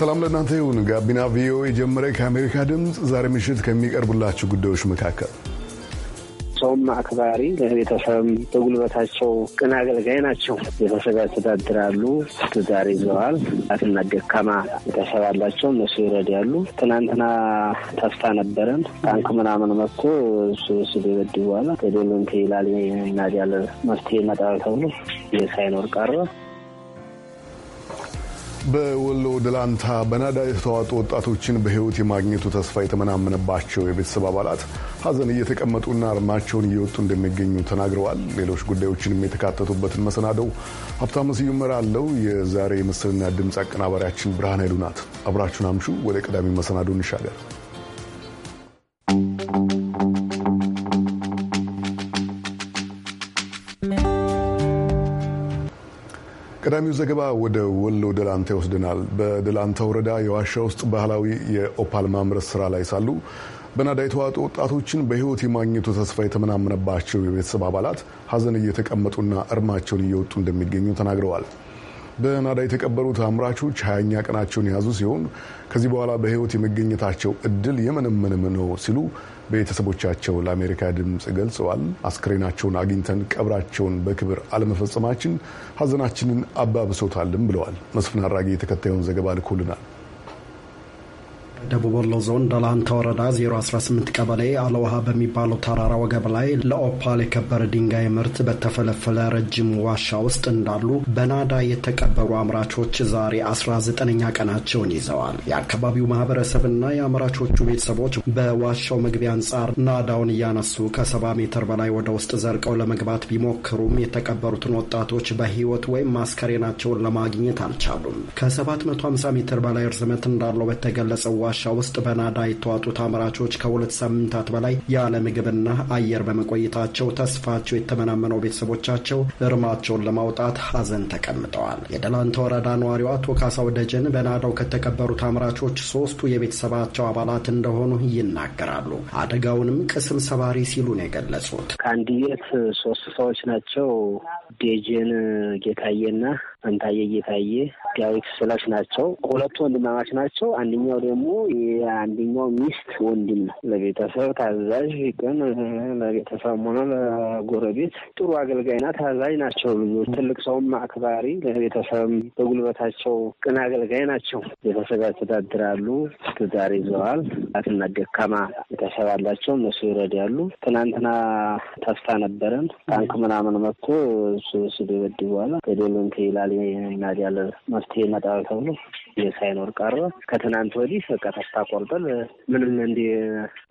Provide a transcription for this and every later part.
ሰላም ለእናንተ ይሁን። ጋቢና ቪኦኤ ጀመረ። ከአሜሪካ ድምፅ ዛሬ ምሽት ከሚቀርቡላችሁ ጉዳዮች መካከል ሰውም አክባሪ፣ ለቤተሰብም በጉልበታቸው ቅን አገልጋይ ናቸው። ቤተሰብ ያስተዳድራሉ፣ ትዳር ይዘዋል። አትና ደካማ ቤተሰብ አላቸው፣ እነሱ ይረዳሉ። ትናንትና ተስፋ ነበረን ታንክ ምናምን መጥቶ እሱ ስድ ይበድ በኋላ ገደሉን ይላል ይናዳል መፍትሄ ይመጣል ተብሎ ሳይኖር ቀረ። በወሎ ደላንታ በናዳ የተዋጡ ወጣቶችን በሕይወት የማግኘቱ ተስፋ የተመናመነባቸው የቤተሰብ አባላት ሀዘን እየተቀመጡና አርማቸውን እየወጡ እንደሚገኙ ተናግረዋል። ሌሎች ጉዳዮችንም የተካተቱበትን መሰናደው ሀብታሙ ስዩም እመራለሁ። የዛሬ ምስልና ድምፅ አቀናባሪያችን ብርሃን ኃይሉ ናት። አብራችሁን አምሹ። ወደ ቀዳሚ መሰናዶ እንሻገር። ቀዳሚው ዘገባ ወደ ወሎ ደላንታ ይወስደናል። በደላንታ ወረዳ የዋሻ ውስጥ ባህላዊ የኦፓል ማምረት ስራ ላይ ሳሉ በናዳ የተዋጡ ወጣቶችን በህይወት የማግኘቱ ተስፋ የተመናመነባቸው የቤተሰብ አባላት ሀዘን እየተቀመጡና እርማቸውን እየወጡ እንደሚገኙ ተናግረዋል። በናዳ የተቀበሩት አምራቾች ሀያኛ ቀናቸውን የያዙ ሲሆን ከዚህ በኋላ በህይወት የመገኘታቸው እድል የምንምንም ነው ሲሉ ቤተሰቦቻቸው ለአሜሪካ ድምፅ ገልጸዋል። አስክሬናቸውን አግኝተን ቀብራቸውን በክብር አለመፈጸማችን ሀዘናችንን አባብሶታልም ብለዋል። መስፍን አራጌ ተከታዩን ዘገባ ልኮልናል። ደቡብ ወሎ ዞን ደላንተ ወረዳ 018 ቀበሌ አለውሃ በሚባለው ተራራ ወገብ ላይ ለኦፓል የከበረ ድንጋይ ምርት በተፈለፈለ ረጅም ዋሻ ውስጥ እንዳሉ በናዳ የተቀበሩ አምራቾች ዛሬ 19ኛ ቀናቸውን ይዘዋል። የአካባቢው ማህበረሰብና የአምራቾቹ ቤተሰቦች በዋሻው መግቢያ አንጻር ናዳውን እያነሱ ከ ሜትር በላይ ወደ ውስጥ ዘርቀው ለመግባት ቢሞክሩም የተቀበሩትን ወጣቶች በህይወት ወይም ማስከሬናቸውን ለማግኘት አልቻሉም። ከ750 ሜትር በላይ እርዝመት እንዳለው በተገለጸው ዋሻ ውስጥ በናዳ የተዋጡት አምራቾች ከሁለት ሳምንታት በላይ ያለ ምግብና አየር በመቆየታቸው ተስፋቸው የተመናመነው ቤተሰቦቻቸው እርማቸውን ለማውጣት ሀዘን ተቀምጠዋል። የደላንተ ወረዳ ነዋሪው አቶ ካሳው ደጀን በናዳው ከተቀበሩት አምራቾች ሶስቱ የቤተሰባቸው አባላት እንደሆኑ ይናገራሉ። አደጋውንም ቅስም ሰባሪ ሲሉ ነው የገለጹት። ከአንድየት ሶስት ሰዎች ናቸው። ደጀን ጌታዬና አንታየ ጌታዬ ዳዊት ስላሽ ናቸው። ሁለቱ ወንድማማች ናቸው። አንደኛው ደግሞ የአንደኛው ሚስት ወንድም ነው። ለቤተሰብ ታዛዥ ግን ለቤተሰብ ሆነ ለጎረቤት ጥሩ አገልጋይና ታዛዥ ናቸው። ልጆች ትልቅ ሰውም አክባሪ፣ ለቤተሰብም በጉልበታቸው ቅን አገልጋይ ናቸው። ቤተሰብ ያስተዳድራሉ። ትዳር ይዘዋል። አትና ደካማ ቤተሰብ አላቸው። እነሱ ይረዳሉ። ትናንትና ተስፋ ነበረን ታንክ ምናምን መጥቶ እሱ ሲደበድ በኋላ ገደሉን ይላል ናድ ያለ መፍትሄ ይመጣል ተብሎ ሳይኖር ቀረ። ከትናንት ወዲህ በቃ ተፈታ ቆርጠን ምንም እንዲ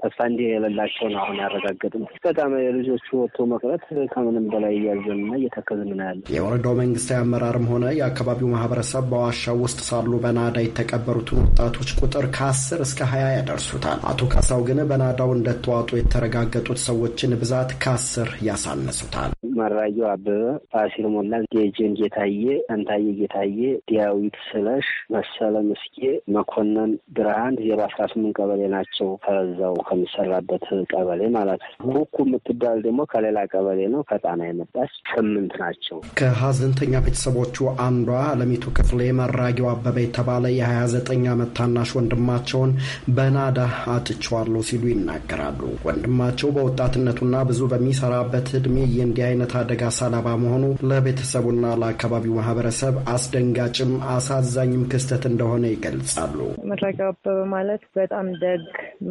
ተስፋ እንዲ የሌላቸውን አሁን ያረጋገጥም። በጣም የልጆቹ ወጥቶ መቅረት ከምንም በላይ እያዘንና እየተከዝን ነው ያለ። የወረዳው መንግስታዊ አመራርም ሆነ የአካባቢው ማህበረሰብ በዋሻው ውስጥ ሳሉ በናዳ የተቀበሩትን ወጣቶች ቁጥር ከአስር እስከ ሀያ ያደርሱታል። አቶ ካሳው ግን በናዳው እንደተዋጡ የተረጋገጡት ሰዎችን ብዛት ከአስር ያሳነሱታል። መራየው አበበ፣ ፋሲል ሞላ፣ ጌጅን ጌታዬ፣ አንታዬ ጌታዬ፣ ዲያዊት ስለሽ፣ መሰለ ምስጌ፣ መኮንን ብርሃን አንድ ዜሮ አስራ ስምንት ቀበሌ ናቸው። ከዛው ከሚሰራበት ቀበሌ ማለት ነው። ሁኩ የምትባል ደግሞ ከሌላ ቀበሌ ነው፣ ከጣና የመጣች ስምንት ናቸው። ከሀዘንተኛ ቤተሰቦቹ አንዷ አለሚቱ ክፍሌ መራጊው አበበ የተባለ የሀያ ዘጠኝ ዓመት ታናሽ ወንድማቸውን በናዳ አጥቼዋለሁ ሲሉ ይናገራሉ። ወንድማቸው በወጣትነቱና ብዙ በሚሰራበት እድሜ የእንዲህ አይነት አደጋ ሰለባ መሆኑ ለቤተሰቡና ለአካባቢው ማህበረሰብ አስደንጋጭም አሳዛኝም ክስተት እንደሆነ ይገልጻሉ። መራጊው አበበ ማለት በጣም ደግ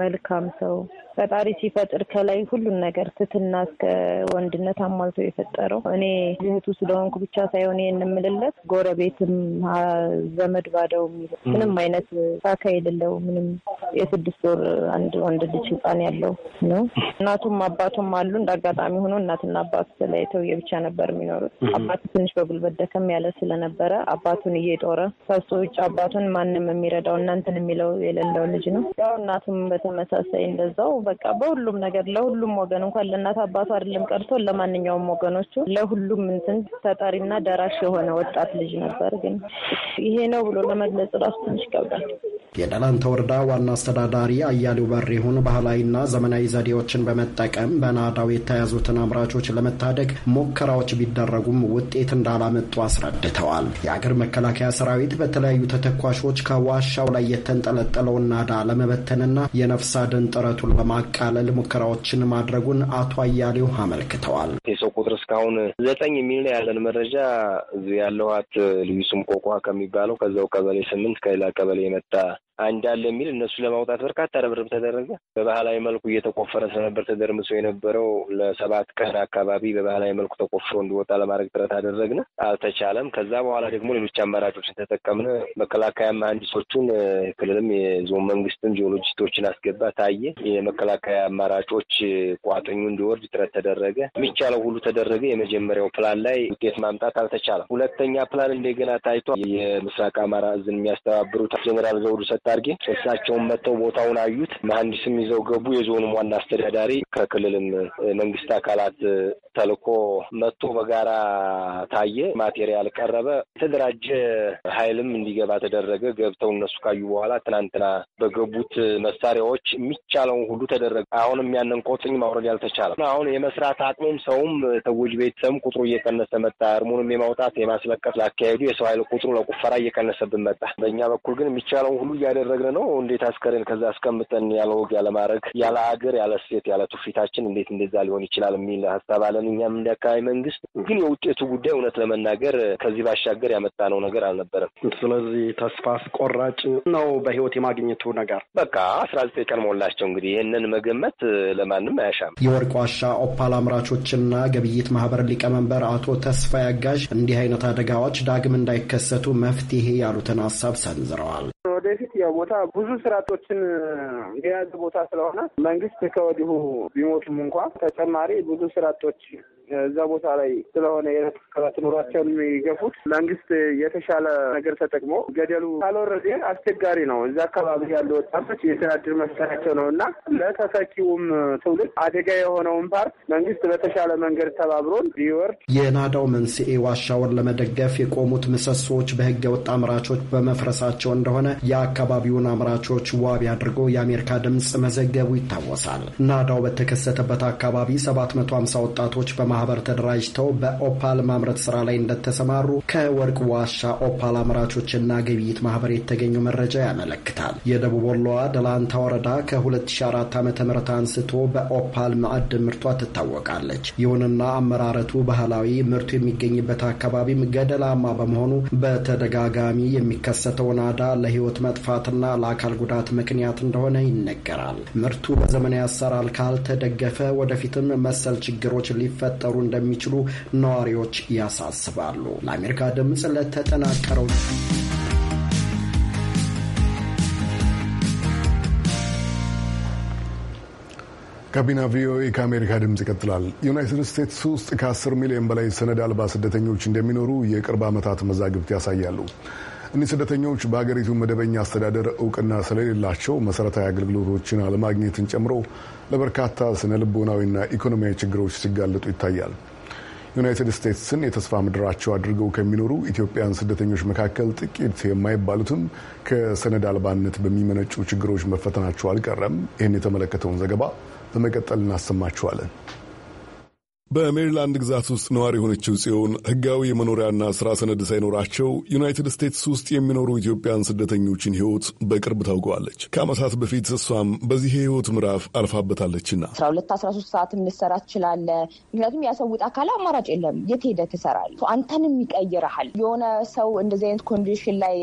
መልካም ሰው ፈጣሪ ሲፈጥር ከላይ ሁሉን ነገር ትትና እስከ ወንድነት አሟልቶ የፈጠረው እኔ እህቱ ስለሆንኩ ብቻ ሳይሆን ይህን የምልለት ጎረቤትም ዘመድ ባደው ምንም አይነት ሳካ የሌለው ምንም የስድስት ወር አንድ ወንድ ልጅ ህፃን ያለው ነው። እናቱም አባቱም አሉ። እንደ አጋጣሚ ሆኖ እናትና አባቱ ተለያይተው የብቻ ነበር የሚኖሩት። አባቱ ትንሽ በጉልበት ደከም ያለ ስለነበረ አባቱን እየጦረ ከሱ ውጭ አባቱን ማንም የሚረዳው እናንትን የሚለው የሌለው ልጅ ነው። ያው እናቱም በተመሳሳይ እንደዛው በቃ በሁሉም ነገር ለሁሉም ወገን እንኳን ለእናት አባቱ አይደለም ቀርቶ ለማንኛውም ወገኖቹ ለሁሉም እንትን ተጠሪና ደራሽ የሆነ ወጣት ልጅ ነበር። ግን ይሄ ነው ብሎ ለመግለጽ ራሱ ትንሽ ይከብዳል። የደላንታ ወረዳ ዋና አስተዳዳሪ አያሌው በሪሁን ባህላዊና ዘመናዊ ዘዴዎችን በመጠቀም በናዳው የተያዙትን አምራቾች ለመታደግ ሙከራዎች ቢደረጉም ውጤት እንዳላመጡ አስረድተዋል። የአገር መከላከያ ሰራዊት በተለያዩ ተተኳሾች ከዋሻው ላይ የተንጠለጠለውን ናዳ ለመበተንና የነፍስ አድን ጥረቱን ለማቃለል ሙከራዎችን ማድረጉን አቶ አያሌው አመልክተዋል። የሰው ቁጥር እስካሁን ዘጠኝ የሚል ነው ያለን መረጃ። እዚህ ያለዋት ልዩ ስም ቆቋ ከሚባለው ከዛው ቀበሌ ስምንት ከሌላ ቀበሌ የመጣ እንዳለ የሚል እነሱ ለማውጣት በርካታ ርብርብ ተደረገ። በባህላዊ መልኩ እየተቆፈረ ስለነበር ተደርምሶ የነበረው ለሰባት ቀን አካባቢ በባህላዊ መልኩ ተቆፍሮ እንዲወጣ ለማድረግ ጥረት አደረግን፣ አልተቻለም። ከዛ በኋላ ደግሞ ሌሎች አማራጮችን ተጠቀምን። መከላከያ መሀንዲሶቹን ክልልም የዞን መንግስትም ጂኦሎጂስቶችን አስገባ ታየ። የመከላከያ አማራጮች ቋጥኙ እንዲወርድ ጥረት ተደረገ። የሚቻለው ሁሉ ተደረገ። የመጀመሪያው ፕላን ላይ ውጤት ማምጣት አልተቻለም። ሁለተኛ ፕላን እንደገና ታይቷ የምስራቅ አማራ እዝን የሚያስተባብሩት ጀኔራል ዘውዱ ሰጠ አድርጌ እሳቸውን መጥተው ቦታውን አዩት። መሀንዲስም ይዘው ገቡ። የዞኑም ዋና አስተዳዳሪ ከክልልም መንግስት አካላት ተልኮ መጥቶ በጋራ ታየ። ማቴሪያል ቀረበ። የተደራጀ ኃይልም እንዲገባ ተደረገ። ገብተው እነሱ ካዩ በኋላ ትናንትና በገቡት መሳሪያዎች የሚቻለውን ሁሉ ተደረገ። አሁንም ያንን ቆጥኝ ማውረድ ያልተቻለም አሁን የመስራት አቅሙም ሰውም ተጎጂ ቤተሰብም ቁጥሩ እየቀነሰ መጣ። እርሙንም የማውጣት የማስለቀት ላካሄዱ የሰው ኃይል ቁጥሩ ለቁፈራ እየቀነሰብን መጣ። በእኛ በኩል ግን የሚቻለውን ሁሉ እያደ እያደረግን ነው። እንዴት አስከሬን ከዛ አስቀምጠን ያለ ወግ ያለ ማድረግ ያለ ሀገር ያለ እሴት ያለ ትውፊታችን እንዴት እንደዛ ሊሆን ይችላል የሚል ሀሳብ አለን። እኛም እንደ አካባቢ መንግስት ግን የውጤቱ ጉዳይ እውነት ለመናገር ከዚህ ባሻገር ያመጣነው ነገር አልነበረም። ስለዚህ ተስፋ አስቆራጭ ነው በህይወት የማግኘቱ ነገር። በቃ አስራ ዘጠኝ ቀን ሞላቸው እንግዲህ ይህንን መገመት ለማንም አያሻም። የወርቅ ዋሻ ኦፓል አምራቾችና ግብይት ማህበር ሊቀመንበር አቶ ተስፋ ያጋዥ እንዲህ አይነት አደጋዎች ዳግም እንዳይከሰቱ መፍትሄ ያሉትን ሀሳብ ሰንዝረዋል። ወደፊት ማዘጋጃ ቦታ ብዙ ስርዓቶችን የያዘ ቦታ ስለሆነ መንግስት ከወዲሁ ቢሞቱም እንኳ ተጨማሪ ብዙ ስርዓቶች እዛ ቦታ ላይ ስለሆነ የረት ኑሯቸውን የሚገፉት መንግስት የተሻለ ነገር ተጠቅሞ ገደሉ ካልወረደ አስቸጋሪ ነው። እዛ አካባቢ ያሉ ወጣቶች የስራ ዕድል መፍጠራቸው ነው እና ለተተኪውም ትውልድ አደጋ የሆነውን ፓርት መንግስት በተሻለ መንገድ ተባብሮን ሊወርድ የናዳው መንስኤ ዋሻውን ለመደገፍ የቆሙት ምሰሶዎች በህገ ወጥ አምራቾች በመፍረሳቸው እንደሆነ የአካባቢውን አምራቾች ዋቢ አድርጎ የአሜሪካ ድምፅ መዘገቡ ይታወሳል። ናዳው በተከሰተበት አካባቢ 750 ወጣቶች በማ ማህበር ተደራጅተው በኦፓል ማምረት ስራ ላይ እንደተሰማሩ ከወርቅ ዋሻ ኦፓል አምራቾችና ግብይት ማህበር የተገኘው መረጃ ያመለክታል። የደቡብ ወሎዋ ደላንታ ወረዳ ከ2004 ዓ ም አንስቶ በኦፓል ማዕድን ምርቷ ትታወቃለች። ይሁንና አመራረቱ ባህላዊ፣ ምርቱ የሚገኝበት አካባቢም ገደላማ በመሆኑ በተደጋጋሚ የሚከሰተው ናዳ ለህይወት መጥፋትና ለአካል ጉዳት ምክንያት እንደሆነ ይነገራል። ምርቱ በዘመናዊ አሰራር ካልተደገፈ ወደፊትም መሰል ችግሮች ሊፈጠ ሊቀሩ እንደሚችሉ ነዋሪዎች ያሳስባሉ። ለአሜሪካ ድምፅ ለተጠናቀረው ጋቢና ቪኦኤ ከአሜሪካ ድምፅ ይቀጥላል። ዩናይትድ ስቴትስ ውስጥ ከ10 ሚሊዮን በላይ ሰነድ አልባ ስደተኞች እንደሚኖሩ የቅርብ ዓመታት መዛግብት ያሳያሉ። እኒህ ስደተኞች በሀገሪቱ መደበኛ አስተዳደር እውቅና ስለሌላቸው መሰረታዊ አገልግሎቶችን አለማግኘትን ጨምሮ ለበርካታ ስነ ልቦናዊና ኢኮኖሚያዊ ችግሮች ሲጋለጡ ይታያል። ዩናይትድ ስቴትስን የተስፋ ምድራቸው አድርገው ከሚኖሩ ኢትዮጵያን ስደተኞች መካከል ጥቂት የማይባሉትም ከሰነድ አልባነት በሚመነጩ ችግሮች መፈተናቸው አልቀረም። ይህን የተመለከተውን ዘገባ በመቀጠል እናሰማችኋለን። በሜሪላንድ ግዛት ውስጥ ነዋሪ የሆነችው ጽዮን ሕጋዊ የመኖሪያና ሥራ ሰነድ ሳይኖራቸው ዩናይትድ ስቴትስ ውስጥ የሚኖሩ ኢትዮጵያን ስደተኞችን ሕይወት በቅርብ ታውቀዋለች። ከአመሳት በፊት እሷም በዚህ የሕይወት ምዕራፍ አልፋበታለችና አስራ ሁለት አስራ ሶስት ሰዓት ልሰራ ትችላለ። ምክንያቱም ያሰውጥ አካል አማራጭ የለም። የት ሄደ ትሰራል። አንተንም ይቀይረሃል። የሆነ ሰው እንደዚህ አይነት ኮንዲሽን ላይ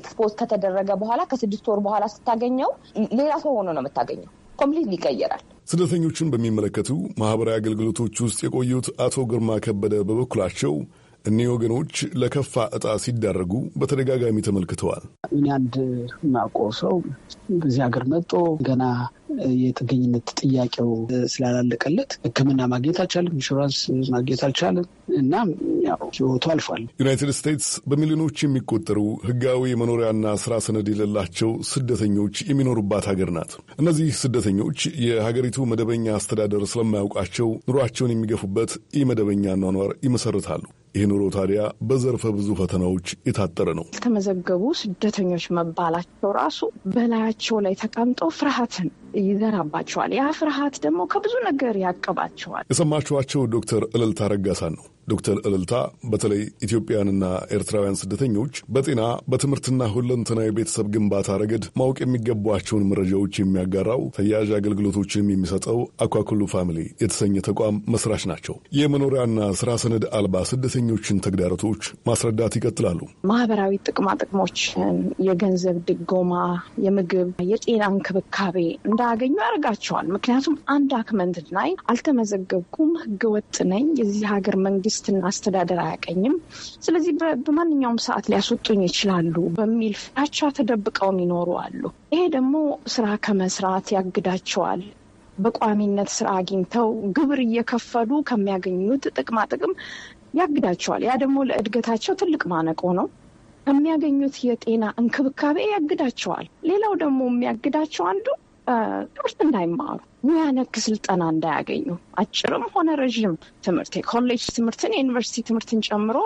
ኤክስፖዝ ከተደረገ በኋላ ከስድስት ወር በኋላ ስታገኘው ሌላ ሰው ሆኖ ነው የምታገኘው። ኮምፕሊት ይቀይራል። ስደተኞቹን በሚመለከቱ ማኅበራዊ አገልግሎቶች ውስጥ የቆዩት አቶ ግርማ ከበደ በበኩላቸው እኒህ ወገኖች ለከፋ እጣ ሲዳረጉ በተደጋጋሚ ተመልክተዋል። እኔ አንድ ማቆ ሰው በዚህ ሀገር መጦ ገና የጥገኝነት ጥያቄው ስላላለቀለት ሕክምና ማግኘት አልቻለም፣ ኢንሹራንስ ማግኘት አልቻለም እና ያው ሕይወቱ አልፏል። ዩናይትድ ስቴትስ በሚሊዮኖች የሚቆጠሩ ህጋዊ የመኖሪያና ስራ ሰነድ የሌላቸው ስደተኞች የሚኖሩባት ሀገር ናት። እነዚህ ስደተኞች የሀገሪቱ መደበኛ አስተዳደር ስለማያውቃቸው ኑሯቸውን የሚገፉበት ኢመደበኛ ኗኗር ይመሰርታሉ። ይህ ኑሮ ታዲያ በዘርፈ ብዙ ፈተናዎች የታጠረ ነው። የተመዘገቡ ስደተኞች መባላቸው ራሱ በላያቸው ላይ ተቀምጠው ፍርሃትን ይዘራባቸዋል። ያ ፍርሃት ደግሞ ከብዙ ነገር ያቀባቸዋል። የሰማችኋቸው ዶክተር እልልታ ረጋሳን ነው። ዶክተር እልልታ በተለይ ኢትዮጵያንና ኤርትራውያን ስደተኞች በጤና በትምህርትና ሁለንተና ቤተሰብ ግንባታ ረገድ ማወቅ የሚገቧቸውን መረጃዎች የሚያጋራው ተያያዥ አገልግሎቶችንም የሚሰጠው አኳኩሉ ፋሚሊ የተሰኘ ተቋም መስራች ናቸው። የመኖሪያና ስራ ሰነድ አልባ ስደተኞችን ተግዳሮቶች ማስረዳት ይቀጥላሉ። ማህበራዊ ጥቅማ ጥቅሞችን፣ የገንዘብ ድጎማ፣ የምግብ የጤና እንክብካቤ እንዳያገኙ ያደርጋቸዋል። ምክንያቱም አንድ አክመንት ላይ አልተመዘገብኩም፣ ህገወጥ ነኝ፣ የዚህ ሀገር መንግስት መንግስትና አስተዳደር አያቀኝም፣ ስለዚህ በማንኛውም ሰዓት ሊያስወጡኝ ይችላሉ በሚል ፍራቻ ተደብቀው ይኖሩ አሉ። ይሄ ደግሞ ስራ ከመስራት ያግዳቸዋል። በቋሚነት ስራ አግኝተው ግብር እየከፈሉ ከሚያገኙት ጥቅማ ጥቅም ያግዳቸዋል። ያ ደግሞ ለእድገታቸው ትልቅ ማነቆ ነው። ከሚያገኙት የጤና እንክብካቤ ያግዳቸዋል። ሌላው ደግሞ የሚያግዳቸው አንዱ ትምህርት እንዳይማሩ ሙያ ነክ ስልጠና እንዳያገኙ አጭርም ሆነ ረዥም ትምህርት የኮሌጅ ትምህርትን የዩኒቨርሲቲ ትምህርትን ጨምሮ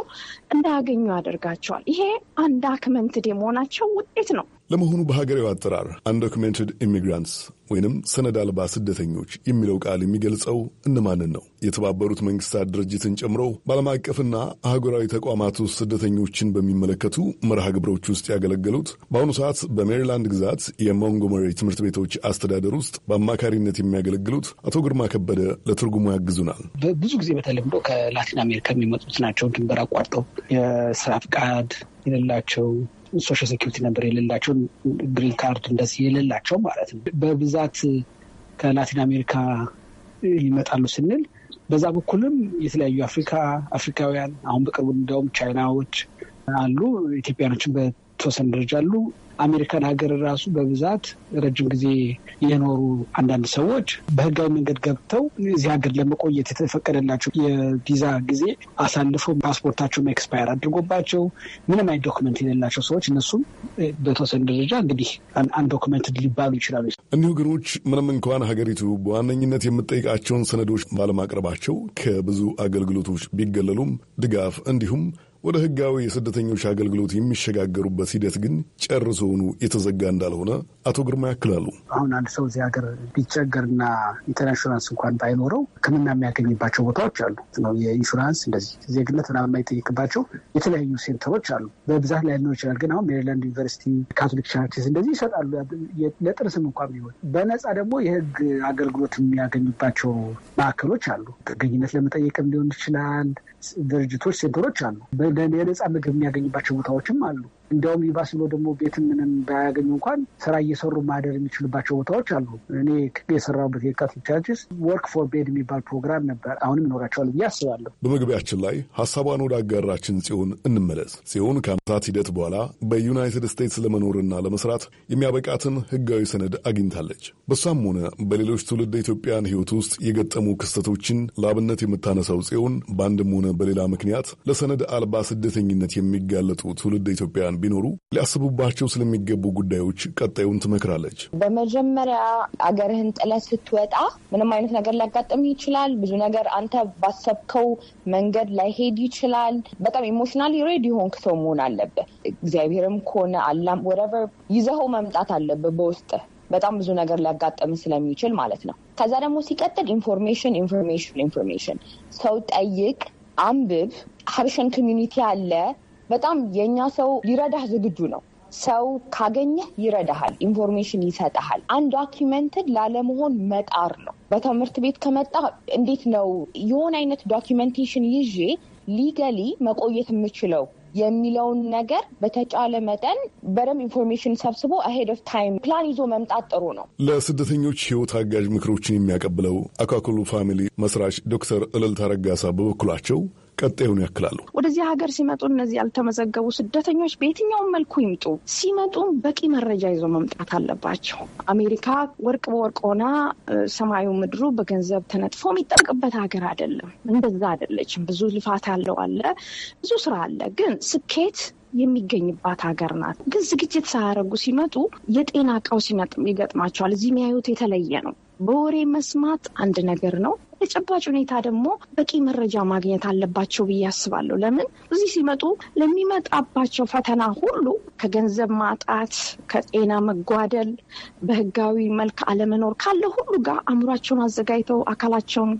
እንዳያገኙ ያደርጋቸዋል። ይሄ አንድ አክመንትድ የመሆናቸው ውጤት ነው። ለመሆኑ በሀገሬው አጠራር አንዶኪመንትድ ኢሚግራንትስ ወይንም ሰነድ አልባ ስደተኞች የሚለው ቃል የሚገልጸው እነማንን ነው? የተባበሩት መንግስታት ድርጅትን ጨምሮ በዓለም አቀፍና አህጉራዊ ተቋማት ውስጥ ስደተኞችን በሚመለከቱ መርሃ ግብሮች ውስጥ ያገለገሉት በአሁኑ ሰዓት በሜሪላንድ ግዛት የሞንጎመሪ ትምህርት ቤቶች አስተዳደር ውስጥ በአማካሪነት የሚያገለግሉት አቶ ግርማ ከበደ ለትርጉሙ ያግዙናል። ብዙ ጊዜ በተለምዶ ከላቲን አሜሪካ የሚመጡት ናቸው። ድንበር አቋርጠው የስራ ፍቃድ የሌላቸው ሶሻል ሴኪሪቲ ነበር የሌላቸው ግሪን ካርድ እንደዚህ የሌላቸው ማለት ነው። በብዛት ከላቲን አሜሪካ ይመጣሉ ስንል በዛ በኩልም የተለያዩ አፍሪካ አፍሪካውያን አሁን በቅርቡ እንዲያውም ቻይናዎች አሉ። ኢትዮጵያኖችን በተወሰነ ደረጃ አሉ። አሜሪካን ሀገር ራሱ በብዛት ረጅም ጊዜ የኖሩ አንዳንድ ሰዎች በህጋዊ መንገድ ገብተው እዚህ ሀገር ለመቆየት የተፈቀደላቸው የቪዛ ጊዜ አሳልፈው ፓስፖርታቸው ኤክስፓየር አድርጎባቸው ምንም አይነት ዶክመንት የሌላቸው ሰዎች እነሱም በተወሰነ ደረጃ እንግዲህ አንድ ዶክመንት ሊባሉ ይችላሉ። እኒሁ ግሮች ምንም እንኳን ሀገሪቱ በዋነኝነት የምጠይቃቸውን ሰነዶች ባለማቅረባቸው ከብዙ አገልግሎቶች ቢገለሉም ድጋፍ እንዲሁም ወደ ህጋዊ የስደተኞች አገልግሎት የሚሸጋገሩበት ሂደት ግን ጨርሶውኑ የተዘጋ እንዳልሆነ አቶ ግርማ ያክላሉ። አሁን አንድ ሰው እዚህ ሀገር ቢቸገርና ኢንሹራንስ እንኳን ባይኖረው ሕክምና የሚያገኝባቸው ቦታዎች አሉ ነው የኢንሹራንስ እንደዚህ ዜግነት ምናምን የማይጠይቅባቸው የተለያዩ ሴንተሮች አሉ። በብዛት ላይ ሊኖር ይችላል፣ ግን አሁን ሜሪላንድ ዩኒቨርሲቲ፣ ካቶሊክ ቻርችስ እንደዚህ ይሰጣሉ። ለጥርስም እንኳ ቢሆን በነፃ ደግሞ የህግ አገልግሎት የሚያገኝባቸው ማዕከሎች አሉ። ጥገኝነት ለመጠየቅም ሊሆን ይችላል። ድርጅቶች፣ ሴንተሮች አሉ። የነፃ ምግብ የሚያገኝባቸው ቦታዎችም አሉ። እንዲያውም ይባስ ብሎ ደግሞ ቤት ምንም ባያገኙ እንኳን ስራ እየሰሩ ማደር የሚችሉባቸው ቦታዎች አሉ። እኔ የሰራሁበት የካቶሊክ ቸርችስ ወርክ ፎር ቤድ የሚባል ፕሮግራም ነበር። አሁንም ይኖራቸዋል ብዬ አስባለሁ። በመግቢያችን ላይ ሀሳቧን ወደ አጋራችን ጽዮን እንመለስ። ጽዮን ከአመታት ሂደት በኋላ በዩናይትድ ስቴትስ ለመኖርና ለመስራት የሚያበቃትን ህጋዊ ሰነድ አግኝታለች። በሷም ሆነ በሌሎች ትውልድ ኢትዮጵያን ህይወት ውስጥ የገጠሙ ክስተቶችን ለአብነት የምታነሳው ጽዮን በአንድም ሆነ በሌላ ምክንያት ለሰነድ አልባ ስደተኝነት የሚጋለጡ ትውልድ ኢትዮጵያን ቢኖሩ ሊያስቡባቸው ስለሚገቡ ጉዳዮች ቀጣዩን ትመክራለች። በመጀመሪያ አገርህን ጥለህ ስትወጣ ምንም አይነት ነገር ሊያጋጥም ይችላል። ብዙ ነገር አንተ ባሰብከው መንገድ ላይሄድ ይችላል። በጣም ኢሞሽናሊ ሬዲ ሆንክ ሰው መሆን አለብህ። እግዚአብሔርም ከሆነ አላም ወረቨር ይዘኸው መምጣት አለብህ በውስጥ በጣም ብዙ ነገር ሊያጋጥም ስለሚችል ማለት ነው። ከዛ ደግሞ ሲቀጥል ኢንፎርሜሽን ኢንፎርሜሽን ኢንፎርሜሽን ሰው ጠይቅ፣ አንብብ። ሀበሻን ኮሚኒቲ አለ በጣም የእኛ ሰው ሊረዳህ ዝግጁ ነው። ሰው ካገኘህ ይረዳሃል፣ ኢንፎርሜሽን ይሰጠሃል። አንድ ዶኪመንትን ላለመሆን መጣር ነው። በትምህርት ቤት ከመጣ እንዴት ነው የሆነ አይነት ዶኪመንቴሽን ይዤ ሊገሊ መቆየት የምችለው የሚለውን ነገር በተጫለ መጠን በደንብ ኢንፎርሜሽን ሰብስቦ አሄድ ኦፍ ታይም ፕላን ይዞ መምጣት ጥሩ ነው። ለስደተኞች ሕይወት አጋዥ ምክሮችን የሚያቀብለው አካክሉ ፋሚሊ መስራች ዶክተር እልልታ ረጋሳ በበኩላቸው ቀጣዩን ያክላሉ። ወደዚህ ሀገር ሲመጡ እነዚህ ያልተመዘገቡ ስደተኞች በየትኛውም መልኩ ይምጡ፣ ሲመጡም በቂ መረጃ ይዞ መምጣት አለባቸው። አሜሪካ ወርቅ በወርቅ ሆና ሰማዩ ምድሩ በገንዘብ ተነጥፎ የሚጠብቅበት ሀገር አይደለም። እንደዛ አይደለችም። ብዙ ልፋት ያለው አለ፣ ብዙ ስራ አለ። ግን ስኬት የሚገኝባት ሀገር ናት። ግን ዝግጅት ሳያደርጉ ሲመጡ የጤና ቀውስ ይገጥማቸዋል። እዚህ የሚያዩት የተለየ ነው። በወሬ መስማት አንድ ነገር ነው። ተጨባጭ ሁኔታ ደግሞ በቂ መረጃ ማግኘት አለባቸው ብዬ አስባለሁ። ለምን እዚህ ሲመጡ ለሚመጣባቸው ፈተና ሁሉ ከገንዘብ ማጣት፣ ከጤና መጓደል፣ በህጋዊ መልክ አለመኖር ካለ ሁሉ ጋር አእምሯቸውን አዘጋጅተው አካላቸውን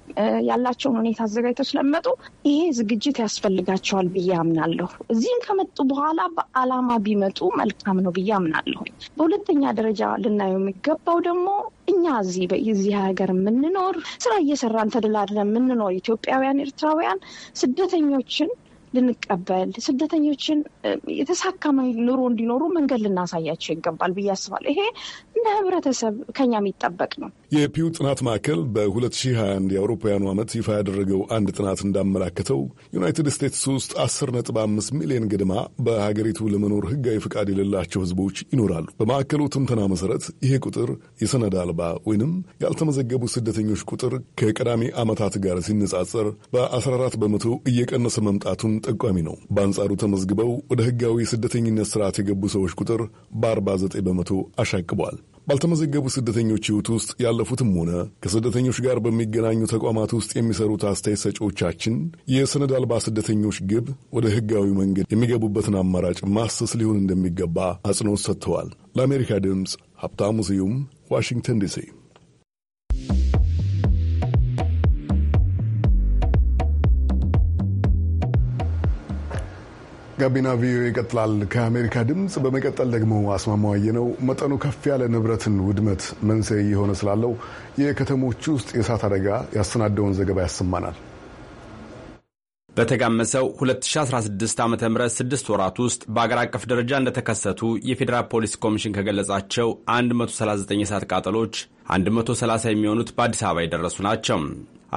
ያላቸውን ሁኔታ አዘጋጅተው ስለመጡ ይሄ ዝግጅት ያስፈልጋቸዋል ብዬ አምናለሁ። እዚህም ከመጡ በኋላ በአላማ ቢመጡ መልካም ነው ብዬ አምናለሁ። በሁለተኛ ደረጃ ልናየው የሚገባው ደግሞ እኛ እዚህ በዚህ ሀገር የምንኖር ስራ እየሰራን ተደላድለን የምንኖር ኢትዮጵያውያን፣ ኤርትራውያን ስደተኞችን ልንቀበል ስደተኞችን የተሳካ ኑሮ እንዲኖሩ መንገድ ልናሳያቸው ይገባል ብዬ አስባለሁ። ይሄ ለህብረተሰብ ከኛ የሚጠበቅ ነው። የፒው ጥናት ማዕከል በ2021 የአውሮፓውያኑ ዓመት ይፋ ያደረገው አንድ ጥናት እንዳመላከተው ዩናይትድ ስቴትስ ውስጥ 10.5 ሚሊዮን ገድማ በሀገሪቱ ለመኖር ህጋዊ ፈቃድ የሌላቸው ህዝቦች ይኖራሉ። በማዕከሉ ትንተና መሰረት ይሄ ቁጥር የሰነድ አልባ ወይንም ያልተመዘገቡ ስደተኞች ቁጥር ከቀዳሚ ዓመታት ጋር ሲነጻጸር በ14 በመቶ እየቀነሰ መምጣቱን ጠቋሚ ነው። በአንጻሩ ተመዝግበው ወደ ህጋዊ ስደተኝነት ስርዓት የገቡ ሰዎች ቁጥር በ49 በመቶ አሻቅቧል። ባልተመዘገቡ ስደተኞች ሕይወት ውስጥ ያለፉትም ሆነ ከስደተኞች ጋር በሚገናኙ ተቋማት ውስጥ የሚሰሩት አስተያየት ሰጪዎቻችን የሰነድ አልባ ስደተኞች ግብ ወደ ሕጋዊ መንገድ የሚገቡበትን አማራጭ ማሰስ ሊሆን እንደሚገባ አጽንኦት ሰጥተዋል። ለአሜሪካ ድምፅ ሀብታሙ ስዩም ዋሽንግተን ዲሲ ጋቢና ቪኦኤ ይቀጥላል። ከአሜሪካ ድምፅ በመቀጠል ደግሞ አስማማዋየ ነው። መጠኑ ከፍ ያለ ንብረትን ውድመት መንስኤ እየሆነ ስላለው የከተሞች ውስጥ የእሳት አደጋ ያሰናደውን ዘገባ ያሰማናል። በተጋመሰው 2016 ዓ ም ስድስት ወራት ውስጥ በአገር አቀፍ ደረጃ እንደተከሰቱ የፌዴራል ፖሊስ ኮሚሽን ከገለጻቸው 139 የእሳት ቃጠሎች 130 የሚሆኑት በአዲስ አበባ የደረሱ ናቸው።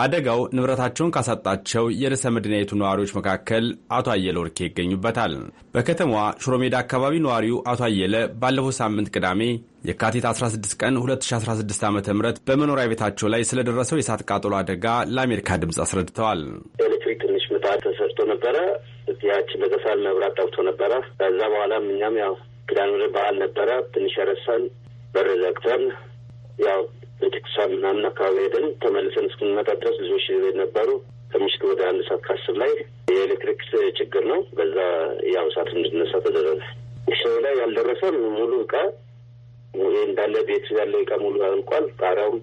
አደጋው ንብረታቸውን ካሳጣቸው የርዕሰ መዲናይቱ ነዋሪዎች መካከል አቶ አየለ ወርኬ ይገኙበታል። በከተማዋ ሽሮሜዳ አካባቢ ነዋሪው አቶ አየለ ባለፈው ሳምንት ቅዳሜ የካቲት 16 ቀን 2016 ዓ ም በመኖሪያ ቤታቸው ላይ ስለደረሰው የእሳት ቃጠሎ አደጋ ለአሜሪካ ድምፅ አስረድተዋል። ኤሌክትሪክ ትንሽ ምጣድ ተሰርቶ ነበረ። እዚያችን በተሳል መብራት ጠብቶ ነበረ። ከዛ በኋላም እኛም ያው ክዳን በዓል ነበረ። ትንሽ ረሰን በር ዘግተን ያው ቤተክሳ ምናምን አካባቢ ሄደን ተመልሰን እስክንመጣ ድረስ ልጆች ቤት ነበሩ። ከምሽቱ ወደ አንድ ሰዓት ከአስር ላይ የኤሌክትሪክ ችግር ነው። በዛ ያው እሳት እንድነሳ ተደረገ። ሰው ላይ ያልደረሰ ሙሉ እቃ እንዳለ ቤት ያለው እቃ ሙሉ አልቋል። ጣሪያውም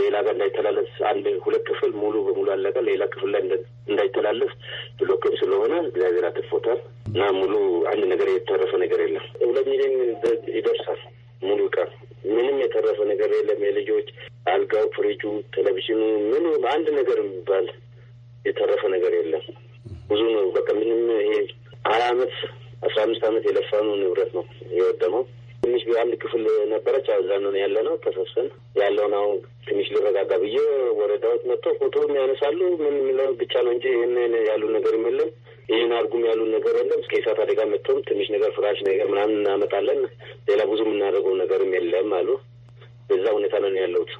ሌላ ጋር እንዳይተላለፍ አንድ ሁለት ክፍል ሙሉ በሙሉ አለቀ። ሌላ ክፍል ላይ እንዳይተላለፍ ብሎክም ስለሆነ እግዚአብሔር አትፎታል እና ሙሉ አንድ ነገር የተረፈ ነገር የለም። ሁለት ሚሊዮን ይደርሳል ሙሉ እቃ ምንም የተረፈ ነገር የለም። የልጆች አልጋው፣ ፍሪጁ፣ ቴሌቪዥኑ ምኑ በአንድ ነገር የሚባል የተረፈ ነገር የለም። ብዙ ነው። በቃ ምንም ይሄ ሀያ አመት አስራ አምስት አመት የለፋነው ንብረት ነው የወደመው። ትንሽ አንድ ክፍል ነበረች አዛን ነው ያለ ነው ተሰብሰን ያለውን አሁን ትንሽ ሊረጋጋ ብዬ ወረዳዎች መጥቶ ፎቶ ያነሳሉ ምን የሚለውን ብቻ ነው እንጂ ይህን ያሉ ነገር የለም። ይህን አርጉም ያሉ ነገር የለም። እስከ እሳት አደጋ መጥቶም ትንሽ ነገር ፍራሽ ነገር ምናምን እናመጣለን። ሌላ ብዙ የምናደርገው ነገርም የለም አሉ። የዛ ሁኔታ ነው ያለሁት።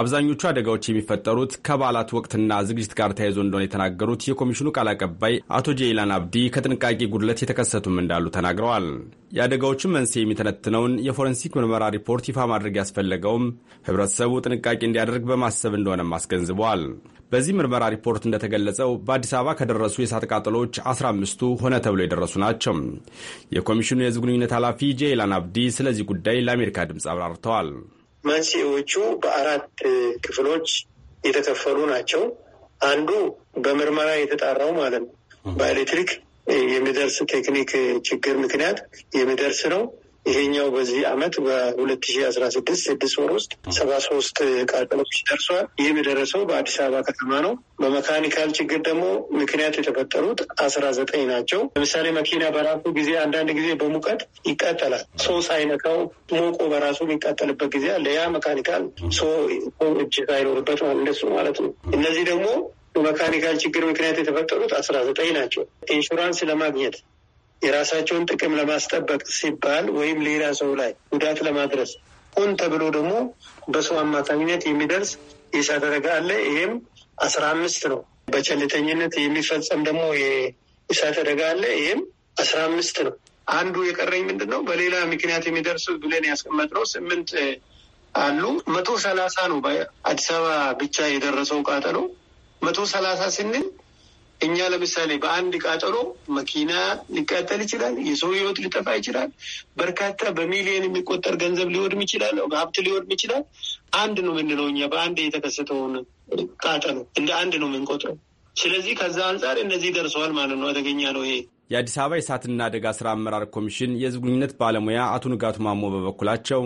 አብዛኞቹ አደጋዎች የሚፈጠሩት ከበዓላት ወቅትና ዝግጅት ጋር ተያይዞ እንደሆነ የተናገሩት የኮሚሽኑ ቃል አቀባይ አቶ ጄይላን አብዲ ከጥንቃቄ ጉድለት የተከሰቱም እንዳሉ ተናግረዋል። የአደጋዎቹን መንስኤ የሚተነትነውን የፎረንሲክ ምርመራ ሪፖርት ይፋ ማድረግ ያስፈለገውም ሕብረተሰቡ ጥንቃቄ እንዲያደርግ በማሰብ እንደሆነም አስገንዝበዋል። በዚህ ምርመራ ሪፖርት እንደተገለጸው በአዲስ አበባ ከደረሱ የእሳት ቃጠሎዎች 15ቱ ሆነ ተብሎ የደረሱ ናቸው። የኮሚሽኑ የሕዝብ ግንኙነት ኃላፊ ጄይላን አብዲ ስለዚህ ጉዳይ ለአሜሪካ ድምፅ አብራርተዋል። መንስኤዎቹ በአራት ክፍሎች የተከፈሉ ናቸው። አንዱ በምርመራ የተጣራው ማለት ነው። በኤሌክትሪክ የሚደርስ ቴክኒክ ችግር ምክንያት የሚደርስ ነው። ይሄኛው በዚህ አመት በሁለት ሺ አስራ ስድስት ስድስት ወር ውስጥ ሰባ ሶስት ቃጠሎች ደርሷል። ይህም የደረሰው በአዲስ አበባ ከተማ ነው። በመካኒካል ችግር ደግሞ ምክንያት የተፈጠሩት አስራ ዘጠኝ ናቸው። ለምሳሌ መኪና በራሱ ጊዜ አንዳንድ ጊዜ በሙቀት ይቃጠላል። ሰው ሳይነካው ሞቆ በራሱ የሚቃጠልበት ጊዜ አለ። ያ መካኒካል ሰው እጅ ሳይኖርበት እንደሱ ማለት ነው። እነዚህ ደግሞ በመካኒካል ችግር ምክንያት የተፈጠሩት አስራ ዘጠኝ ናቸው። ኢንሹራንስ ለማግኘት የራሳቸውን ጥቅም ለማስጠበቅ ሲባል ወይም ሌላ ሰው ላይ ጉዳት ለማድረስ ሆን ተብሎ ደግሞ በሰው አማካኝነት የሚደርስ የእሳት አደጋ አለ። ይህም አስራ አምስት ነው። በቸልተኝነት የሚፈጸም ደግሞ የእሳት አደጋ አለ። ይህም አስራ አምስት ነው። አንዱ የቀረኝ ምንድን ነው? በሌላ ምክንያት የሚደርስ ብለን ያስቀመጥነው ስምንት አሉ። መቶ ሰላሳ ነው። በአዲስ አበባ ብቻ የደረሰው ቃጠሎ መቶ ሰላሳ ስንል እኛ ለምሳሌ በአንድ ቃጠሎ መኪና ሊቃጠል ይችላል። የሰው ህይወት ሊጠፋ ይችላል። በርካታ በሚሊዮን የሚቆጠር ገንዘብ ሊወድም ይችላል። ሀብት ሊወድም ይችላል። አንድ ነው የምንለው እኛ በአንድ የተከሰተውን ቃጠሎ እንደ አንድ ነው የምንቆጥረው። ስለዚህ ከዛ አንጻር እነዚህ ደርሰዋል ማለት ነው። አደገኛ ነው ይሄ። የአዲስ አበባ የእሳትና አደጋ ስራ አመራር ኮሚሽን የህዝብ ግንኙነት ባለሙያ አቶ ንጋቱ ማሞ በበኩላቸው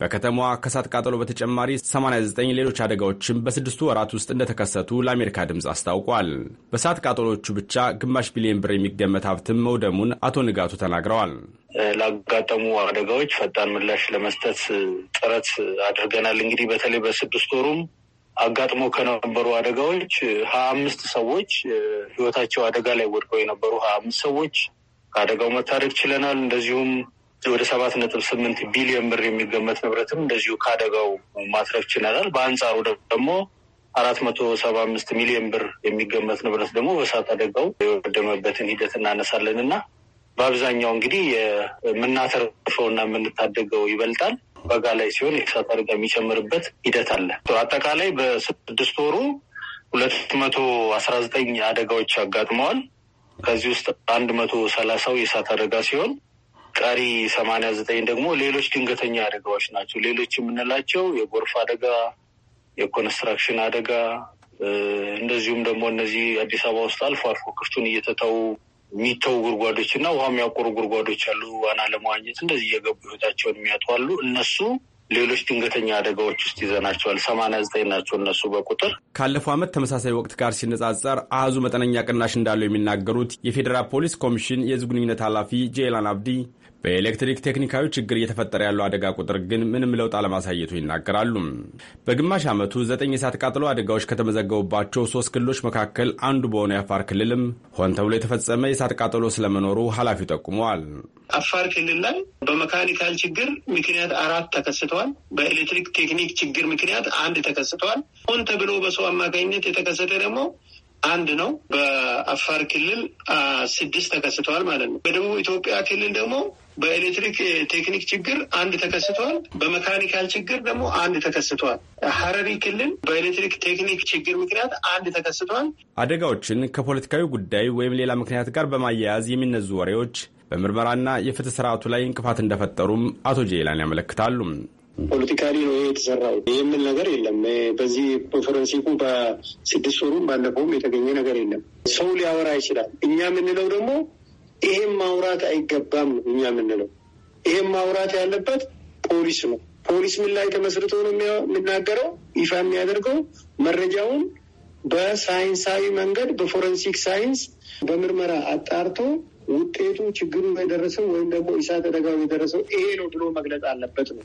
በከተማዋ ከእሳት ቃጠሎ በተጨማሪ 89 ሌሎች አደጋዎችም በስድስቱ ወራት ውስጥ እንደተከሰቱ ለአሜሪካ ድምፅ አስታውቋል። በእሳት ቃጠሎቹ ብቻ ግማሽ ቢሊዮን ብር የሚገመት ሀብትም መውደሙን አቶ ንጋቱ ተናግረዋል። ላጋጠሙ አደጋዎች ፈጣን ምላሽ ለመስጠት ጥረት አድርገናል። እንግዲህ በተለይ በስድስት ወሩም አጋጥሞ ከነበሩ አደጋዎች ሀያ አምስት ሰዎች ህይወታቸው አደጋ ላይ ወድቀው የነበሩ ሀያ አምስት ሰዎች ከአደጋው መታደግ ችለናል። እንደዚሁም ወደ ሰባት ነጥብ ስምንት ቢሊዮን ብር የሚገመት ንብረትም እንደዚሁ ከአደጋው ማትረፍ ችለናል። በአንጻሩ ደግሞ አራት መቶ ሰባ አምስት ሚሊዮን ብር የሚገመት ንብረት ደግሞ በእሳት አደጋው የወደመበትን ሂደት እናነሳለን እና በአብዛኛው እንግዲህ የምናተርፈው እና የምንታደገው ይበልጣል። በጋ ላይ ሲሆን የእሳት አደጋ የሚጨምርበት ሂደት አለ። አጠቃላይ በስድስት ወሩ ሁለት መቶ አስራ ዘጠኝ አደጋዎች አጋጥመዋል። ከዚህ ውስጥ አንድ መቶ ሰላሳው የእሳት አደጋ ሲሆን ቀሪ ሰማንያ ዘጠኝ ደግሞ ሌሎች ድንገተኛ አደጋዎች ናቸው። ሌሎች የምንላቸው የጎርፍ አደጋ፣ የኮንስትራክሽን አደጋ እንደዚሁም ደግሞ እነዚህ አዲስ አበባ ውስጥ አልፎ አልፎ ክፍቱን እየተተው የሚተው ጉድጓዶች እና ውሃ የሚያቆሩ ጉድጓዶች አሉ። ዋና ለመዋኘት እንደዚህ እየገቡ ህይወታቸውን የሚያጡ አሉ። እነሱ ሌሎች ድንገተኛ አደጋዎች ውስጥ ይዘናቸዋል። ሰማንያ ዘጠኝ ናቸው እነሱ በቁጥር ካለፈው ዓመት ተመሳሳይ ወቅት ጋር ሲነጻጸር አሃዙ መጠነኛ ቅናሽ እንዳለው የሚናገሩት የፌዴራል ፖሊስ ኮሚሽን የህዝብ ግንኙነት ኃላፊ ጄላን አብዲ በኤሌክትሪክ ቴክኒካዊ ችግር እየተፈጠረ ያለው አደጋ ቁጥር ግን ምንም ለውጥ አለማሳየቱ ይናገራሉ። በግማሽ ዓመቱ ዘጠኝ የእሳት ቃጠሎ አደጋዎች ከተመዘገቡባቸው ሶስት ክልሎች መካከል አንዱ በሆነ የአፋር ክልልም ሆን ተብሎ የተፈጸመ የእሳት ቃጠሎ ስለመኖሩ ኃላፊው ጠቁመዋል። አፋር ክልል ላይ በመካኒካል ችግር ምክንያት አራት ተከስተዋል። በኤሌክትሪክ ቴክኒክ ችግር ምክንያት አንድ ተከስተዋል። ሆን ተብሎ በሰው አማካኝነት የተከሰተ ደግሞ አንድ ነው። በአፋር ክልል ስድስት ተከስተዋል ማለት ነው። በደቡብ ኢትዮጵያ ክልል ደግሞ በኤሌክትሪክ ቴክኒክ ችግር አንድ ተከስቷል። በመካኒካል ችግር ደግሞ አንድ ተከስቷል። ሀረሪ ክልል በኤሌክትሪክ ቴክኒክ ችግር ምክንያት አንድ ተከስቷል። አደጋዎችን ከፖለቲካዊ ጉዳይ ወይም ሌላ ምክንያት ጋር በማያያዝ የሚነዙ ወሬዎች በምርመራና የፍትህ ስርዓቱ ላይ እንቅፋት እንደፈጠሩም አቶ ጄላን ያመለክታሉ። ፖለቲካሊ ነው የተሰራው የሚል ነገር የለም። በዚህ ኮንፈረንሲኩ በስድስት ወሩም ባለፈውም የተገኘ ነገር የለም። ሰው ሊያወራ ይችላል። እኛ የምንለው ደግሞ ይሄም ማውራት አይገባም እኛ የምንለው። ይሄም ማውራት ያለበት ፖሊስ ነው። ፖሊስ ምን ላይ ተመስርቶ ነው የሚናገረው? ይፋ የሚያደርገው መረጃውን በሳይንሳዊ መንገድ በፎረንሲክ ሳይንስ በምርመራ አጣርቶ ውጤቱ ችግሩ የደረሰው ወይም ደግሞ እሳት አደጋው የደረሰው ይሄ ነው ብሎ መግለጽ አለበት ነው።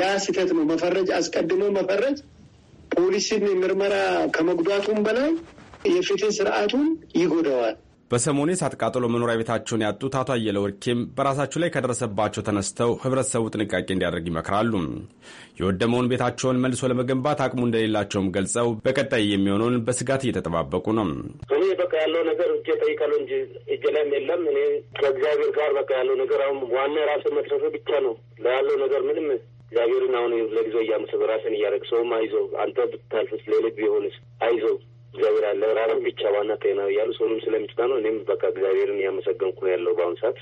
ያ ስህተት ነው። መፈረጅ አስቀድሞ መፈረጅ ፖሊስን ምርመራ ከመጉዳቱም በላይ የፍትህ ስርዓቱን ይጎደዋል። በሰሞኑ የእሳት ቃጠሎ መኖሪያ ቤታቸውን ያጡት አቶ አየለ ወርኬም በራሳቸው ላይ ከደረሰባቸው ተነስተው ህብረተሰቡ ጥንቃቄ እንዲያደርግ ይመክራሉ። የወደመውን ቤታቸውን መልሶ ለመገንባት አቅሙ እንደሌላቸውም ገልጸው በቀጣይ የሚሆነውን በስጋት እየተጠባበቁ ነው። እኔ በቃ ያለው ነገር እጄ ጠይቀሉ እንጂ እጄ ላይም የለም። እኔ ከእግዚአብሔር ጋር በቃ ያለው ነገር አሁን ዋና ራስ መትረፍ ብቻ ነው። ለያለው ነገር ምንም እግዚአብሔርን አሁን ለጊዜው እያመሰብ በራስን እያደረግ ሰውም አይዞ አንተ ብታልፍስ ሌልግ ቢሆንስ አይዞ እግዚአብሔር አለ ራበን ብቻ ዋና ጤና እያሉ ሰውንም ስለሚጭና ነው። እኔም በቃ እግዚአብሔርን እያመሰገንኩ ነው ያለው በአሁኑ ሰዓት።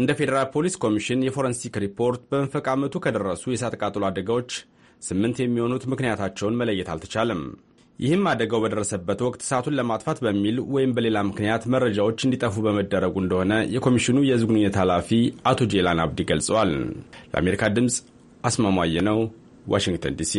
እንደ ፌዴራል ፖሊስ ኮሚሽን የፎረንሲክ ሪፖርት በመንፈቅ ዓመቱ ከደረሱ የእሳት ቃጠሎ አደጋዎች ስምንት የሚሆኑት ምክንያታቸውን መለየት አልተቻለም። ይህም አደጋው በደረሰበት ወቅት እሳቱን ለማጥፋት በሚል ወይም በሌላ ምክንያት መረጃዎች እንዲጠፉ በመደረጉ እንደሆነ የኮሚሽኑ የሕዝብ ግንኙነት ኃላፊ አቶ ጄላን አብዲ ገልጸዋል። ለአሜሪካ ድምፅ አስማማየ ነው፣ ዋሽንግተን ዲሲ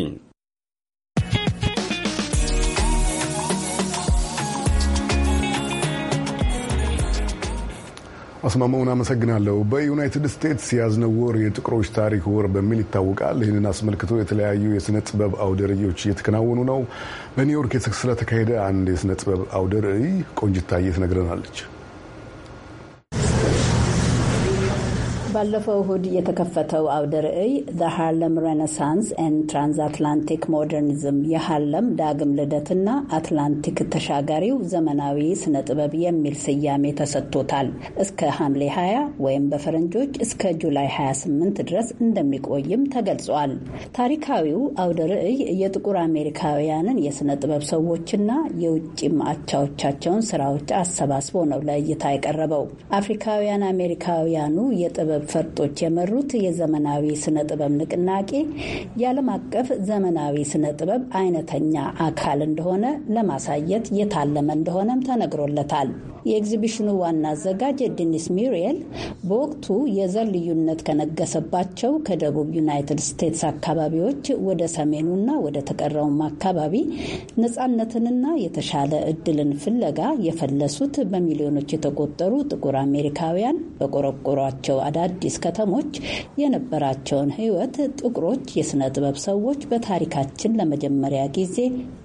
አስማማውን አመሰግናለሁ። በዩናይትድ ስቴትስ የያዝነው ወር የጥቁሮች ታሪክ ወር በሚል ይታወቃል። ይህንን አስመልክቶ የተለያዩ የስነ ጥበብ አውደ ርዕዮች እየተከናወኑ ነው። በኒውዮርክ ስለተካሄደ አንድ የስነ ጥበብ አውደ ርዕይ ቆንጅታዬ ባለፈው እሁድ የተከፈተው አውደ ርዕይ ዘ ሃርለም ሬኔሳንስ ኤን ትራንስአትላንቲክ ሞደርኒዝም የሃርለም ዳግም ልደትና አትላንቲክ ተሻጋሪው ዘመናዊ ስነ ጥበብ የሚል ስያሜ ተሰጥቶታል። እስከ ሐምሌ 20 ወይም በፈረንጆች እስከ ጁላይ 28 ድረስ እንደሚቆይም ተገልጿል። ታሪካዊው አውደ ርዕይ የጥቁር አሜሪካውያንን የስነ ጥበብ ሰዎችና የውጭ አቻዎቻቸውን ስራዎች አሰባስቦ ነው ለእይታ የቀረበው። አፍሪካውያን አሜሪካውያኑ የጥበብ ጥበብ ፈርጦች የመሩት የዘመናዊ ስነ ጥበብ ንቅናቄ የዓለም አቀፍ ዘመናዊ ስነ ጥበብ አይነተኛ አካል እንደሆነ ለማሳየት የታለመ እንደሆነም ተነግሮለታል። የኤግዚቢሽኑ ዋና አዘጋጅ ዲኒስ ሚሪየል በወቅቱ የዘር ልዩነት ከነገሰባቸው ከደቡብ ዩናይትድ ስቴትስ አካባቢዎች ወደ ሰሜኑና ወደ ተቀረውም አካባቢ ነፃነትንና የተሻለ እድልን ፍለጋ የፈለሱት በሚሊዮኖች የተቆጠሩ ጥቁር አሜሪካውያን በቆረቆሯቸው አዳ አዳዲስ ከተሞች የነበራቸውን ህይወት ጥቁሮች የሥነ ጥበብ ሰዎች በታሪካችን ለመጀመሪያ ጊዜ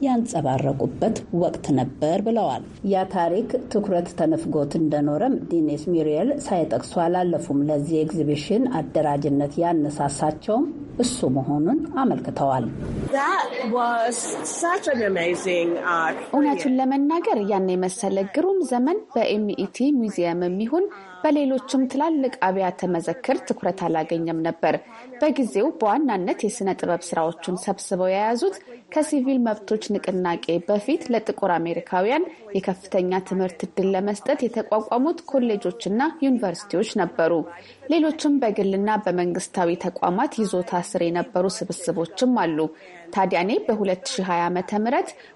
ያንጸባረቁበት ወቅት ነበር ብለዋል። ያ ታሪክ ትኩረት ተነፍጎት እንደኖረም ዲኔስ ሚሪየል ሳይጠቅሱ አላለፉም። ለዚህ ኤግዚቢሽን አደራጅነት ያነሳሳቸውም እሱ መሆኑን አመልክተዋል። uh, እውነቱን ለመናገር ያን የመሰለ ግሩም ዘመን በኤምኢቲ ሙዚየም የሚሆን በሌሎችም ትላልቅ አብያተ መዘክር ትኩረት አላገኘም ነበር። በጊዜው በዋናነት የሥነ ጥበብ ስራዎቹን ሰብስበው የያዙት ከሲቪል መብቶች ንቅናቄ በፊት ለጥቁር አሜሪካውያን የከፍተኛ ትምህርት እድል ለመስጠት የተቋቋሙት ኮሌጆችና ዩኒቨርሲቲዎች ነበሩ። ሌሎችም በግልና በመንግስታዊ ተቋማት ይዞታ ስር የነበሩ ስብስቦችም አሉ። ታዲያ እኔ በ2020 ዓ ም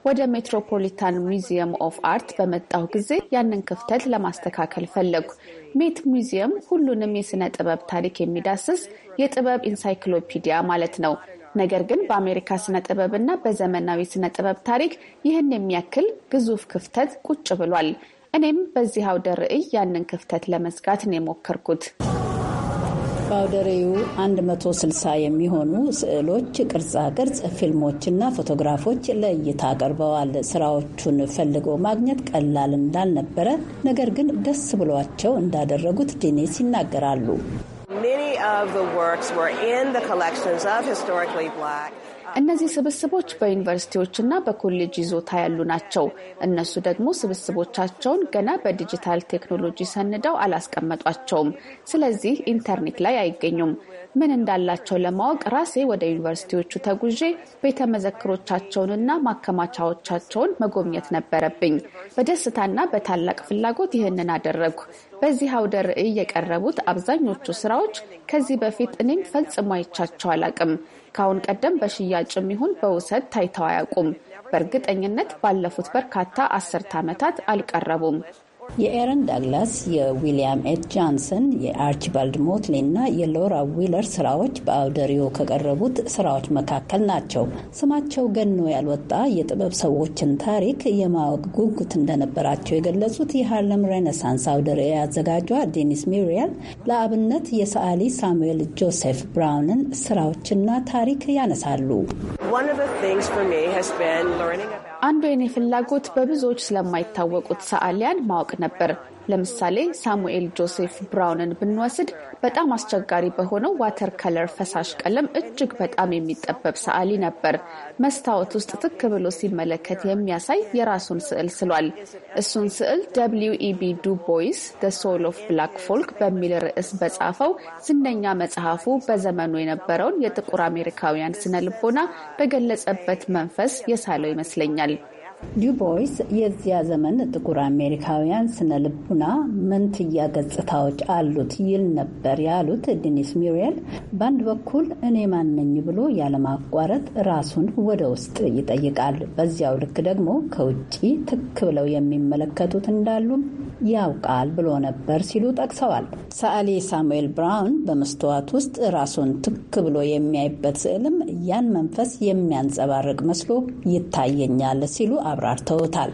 ወደ ሜትሮፖሊታን ሚዚየም ኦፍ አርት በመጣሁ ጊዜ ያንን ክፍተት ለማስተካከል ፈለጉ። ሜት ሚዚየም ሁሉንም የሥነ ጥበብ ታሪክ የሚዳስስ የጥበብ ኢንሳይክሎፒዲያ ማለት ነው። ነገር ግን በአሜሪካ ስነ ጥበብና በዘመናዊ ስነ ጥበብ ታሪክ ይህን የሚያክል ግዙፍ ክፍተት ቁጭ ብሏል። እኔም በዚህ አውደ ርዕይ ያንን ክፍተት ለመዝጋት ነው የሞከርኩት። በአውደሬው 160 የሚሆኑ ስዕሎች፣ ቅርጻ ቅርጽ፣ ፊልሞችና ፎቶግራፎች ለእይታ ቀርበዋል። ስራዎቹን ፈልገው ማግኘት ቀላል እንዳልነበረ፣ ነገር ግን ደስ ብሏቸው እንዳደረጉት ዲኔስ ይናገራሉ። እነዚህ ስብስቦች በዩኒቨርሲቲዎችና በኮሌጅ ይዞታ ያሉ ናቸው። እነሱ ደግሞ ስብስቦቻቸውን ገና በዲጂታል ቴክኖሎጂ ሰንደው አላስቀመጧቸውም። ስለዚህ ኢንተርኔት ላይ አይገኙም። ምን እንዳላቸው ለማወቅ ራሴ ወደ ዩኒቨርሲቲዎቹ ተጉዤ ቤተ መዘክሮቻቸውንና ማከማቻዎቻቸውን መጎብኘት ነበረብኝ። በደስታና በታላቅ ፍላጎት ይህንን አደረግኩ። በዚህ አውደ ርዕይ የቀረቡት አብዛኞቹ ስራዎች ከዚህ በፊት እኔም ፈጽሞ አይቻቸው አላቅም። ከአሁን ቀደም በሽያጭም ይሁን በውሰት ታይተው አያውቁም። በእርግጠኝነት ባለፉት በርካታ አስርት ዓመታት አልቀረቡም። የኤረን ዳግላስ፣ የዊሊያም ኤድ ጃንሰን የአርችባልድ ሞትሊ እና የሎራ ዊለር ስራዎች በአውደሪዮ ከቀረቡት ስራዎች መካከል ናቸው። ስማቸው ገኖ ያልወጣ የጥበብ ሰዎችን ታሪክ የማወቅ ጉጉት እንደነበራቸው የገለጹት የሃርለም ሬኔሳንስ አውደሪዮ አዘጋጇ ዴኒስ ሚሪያል ለአብነት የሰዓሊ ሳሙኤል ጆሴፍ ብራውንን ስራዎችና ታሪክ ያነሳሉ። አንዱ የኔ ፍላጎት በብዙዎች ስለማይታወቁት ሰዓሊያን ማወቅ ነበር። ለምሳሌ ሳሙኤል ጆሴፍ ብራውንን ብንወስድ በጣም አስቸጋሪ በሆነው ዋተር ከለር ፈሳሽ ቀለም እጅግ በጣም የሚጠበብ ሰዓሊ ነበር። መስታወት ውስጥ ትክ ብሎ ሲመለከት የሚያሳይ የራሱን ስዕል ስሏል። እሱን ስዕል ደብሊው ኢቢ ዱ ቦይስ ደ ሶል ኦፍ ብላክ ፎልክ በሚል ርዕስ በጻፈው ዝነኛ መጽሐፉ በዘመኑ የነበረውን የጥቁር አሜሪካውያን ስነ ልቦና በገለጸበት መንፈስ የሳለው ይመስለኛል። ዱቦይስ የዚያ ዘመን ጥቁር አሜሪካውያን ስነ ልቡና መንትያ ገጽታዎች አሉት ይል ነበር ያሉት ዲኒስ ሚሪየል፣ በአንድ በኩል እኔ ማነኝ ብሎ ያለማቋረጥ ራሱን ወደ ውስጥ ይጠይቃል። በዚያው ልክ ደግሞ ከውጭ ትክ ብለው የሚመለከቱት እንዳሉም ያውቃል ብሎ ነበር ሲሉ ጠቅሰዋል። ሰዓሊ ሳሙኤል ብራውን በመስተዋት ውስጥ ራሱን ትክ ብሎ የሚያይበት ስዕል ያን መንፈስ የሚያንጸባርቅ መስሎ ይታየኛል ሲሉ አብራርተውታል።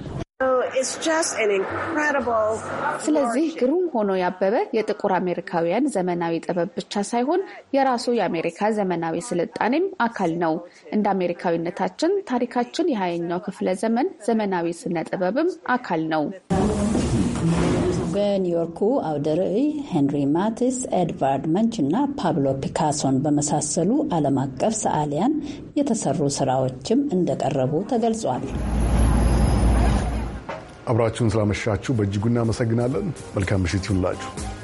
ስለዚህ ግሩም ሆኖ ያበበ የጥቁር አሜሪካውያን ዘመናዊ ጥበብ ብቻ ሳይሆን የራሱ የአሜሪካ ዘመናዊ ስልጣኔም አካል ነው። እንደ አሜሪካዊነታችን ታሪካችን የሃያኛው ክፍለ ዘመን ዘመናዊ ስነ ጥበብም አካል ነው። በኒውዮርኩ አውደ ርዕይ ሄንሪ ማቲስ፣ ኤድቫርድ መንች እና ፓብሎ ፒካሶን በመሳሰሉ ዓለም አቀፍ ሰዓሊያን የተሰሩ ስራዎችም እንደቀረቡ ተገልጿል። አብራችሁን ስላመሻችሁ በእጅጉ እናመሰግናለን። መልካም ምሽት ይሁንላችሁ።